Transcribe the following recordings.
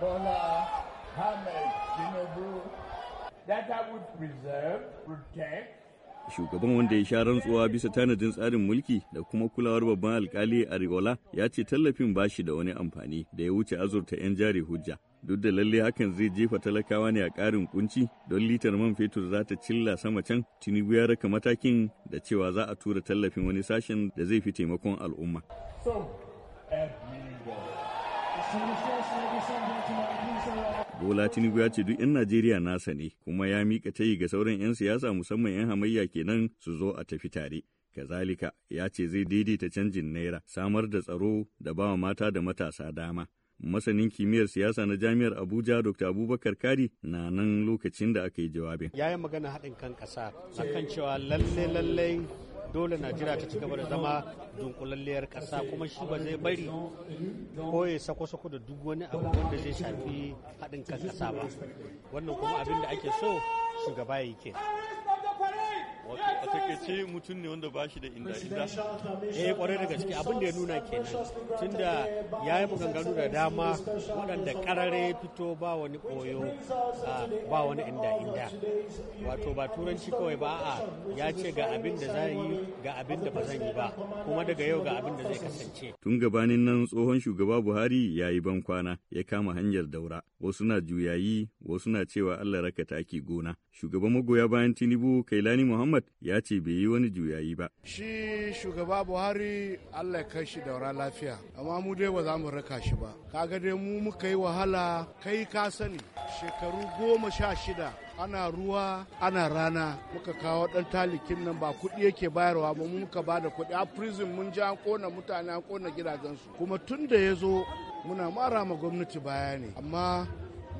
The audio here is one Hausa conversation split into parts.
Bola Ahmed Tinubu that I would preserve, protect, shugaban wanda ya sha rantsuwa bisa tanadin tsarin mulki da kuma kulawar babban alkali a rigola ya ce tallafin bashi da wani amfani da ya wuce azurta 'yan jari hujja. Duk da lalle hakan zai jefa talakawa ne a ƙarin kunci don litar man fetur za ta cilla sama can, Tinubu ya raka matakin da cewa za a tura tallafin wani sashen da zai fi taimakon al'umma. So, Bola Tinubu ya ce duk 'yan Najeriya nasa ne kuma ya mika tayi ga sauran 'yan siyasa musamman 'yan hamayya kenan su zo a tafi tare. Kazalika ya ce zai daidaita canjin naira, samar da tsaro da bawa mata da matasa dama. masanin kimiyyar siyasa na jami'ar abuja dr abubakar kari na nan lokacin da aka yi jawabin ya yi magana haɗin kan ƙasa akan cewa lalle lalle dole najeriya ta ci gaba da zama dunkulalliyar ƙasa kuma shi ba zai bari ko ya sako-sako da duk wani abu wanda zai shafi haɗin kan ƙasa ba wannan kuma abin da ake so shugaba ya yi ke a takaice mutum ne wanda ba shi da inda inda yi eh, kwarai da gaske abin da ya nuna kenan tunda ya yi maganganu da dama waɗanda karare fito ba wani koyo ba wani inda inda wato ba turanci kawai ba a ya ce ga abin da za yi ga abin da ba zan yi ba kuma daga yau ga abin da zai kasance tun gabanin nan tsohon shugaba Buhari ya yi ban kwana ya kama hanyar daura wasu na juyayi wasu na cewa Allah raka taki gona shugaban magoya bayan Tinubu Kailani Muhammad ya ce bai yi wani juyayi ba. Shi shugaba Buhari Allah kai shi da daura lafiya, amma mu dai ba za mu raka shi ba. Kaga dai mu muka yi wahala kai ka sani shekaru goma sha shida ana ruwa ana rana muka kawo dan talikin nan ba kuɗi yake bayarwa ba mu muka ba da kuɗi a prison mun ji an kona mutane an kona gidajensu kuma tun da ya zo muna mara ma gwamnati baya ne amma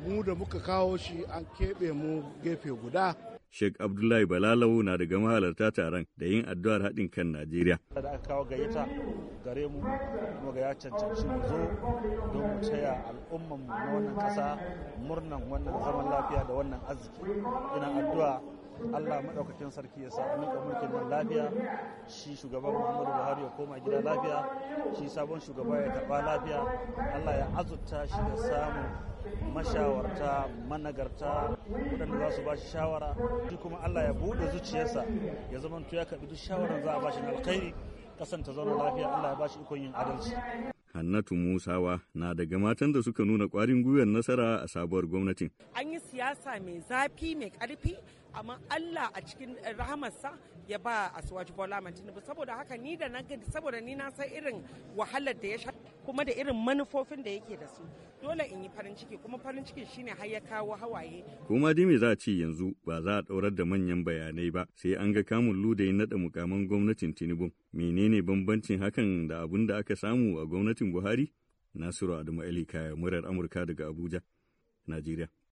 mu da muka kawo shi an keɓe mu gefe guda Sheikh Abdullahi Balalawo na daga mahalarta taron da yin addu'ar haɗin kan Najeriya. Da aka kawo gayyata gare mu kuma ga ya cancanci mu zo don mu taya al'umman mu na wannan ƙasa murnan wannan zaman lafiya da wannan arziki. Ina addu'a Allah maɗaukakin sarki ya sa miƙa mulkin nan lafiya shi shugaban Muhammadu Buhari ya koma gida lafiya shi sabon shugaba ya karɓa lafiya Allah ya azurta shi da samun mashawarta managarta waɗanda za su ba shi shawara shi kuma Allah ya buɗe zuciyarsa ya zama ya karɓi duk shawaran za a ba shi na alkhairi ƙasan ta zauna lafiya Allah ya ba shi ikon yin adalci Hannatu Musawa na daga matan da suka nuna ƙwarin gwiwar nasara a sabuwar gwamnatin. An yi siyasa mai zafi mai ƙarfi amma Allah a cikin rahamarsa ya ba Asuwaji Bola saboda haka ni da na saboda ni na san irin wahalar da ya sha kuma da irin manufofin da yake da su dole in yi farin ciki kuma farin ciki shine har ya kawo hawaye kuma dai me za a ce yanzu ba za a ɗaurar da manyan bayanai ba sai an ga kamun ludayin naɗa mukaman gwamnatin tinubu menene bambancin hakan da abun da aka samu a gwamnatin buhari nasiru adamu ali kaya murar amurka daga abuja najeriya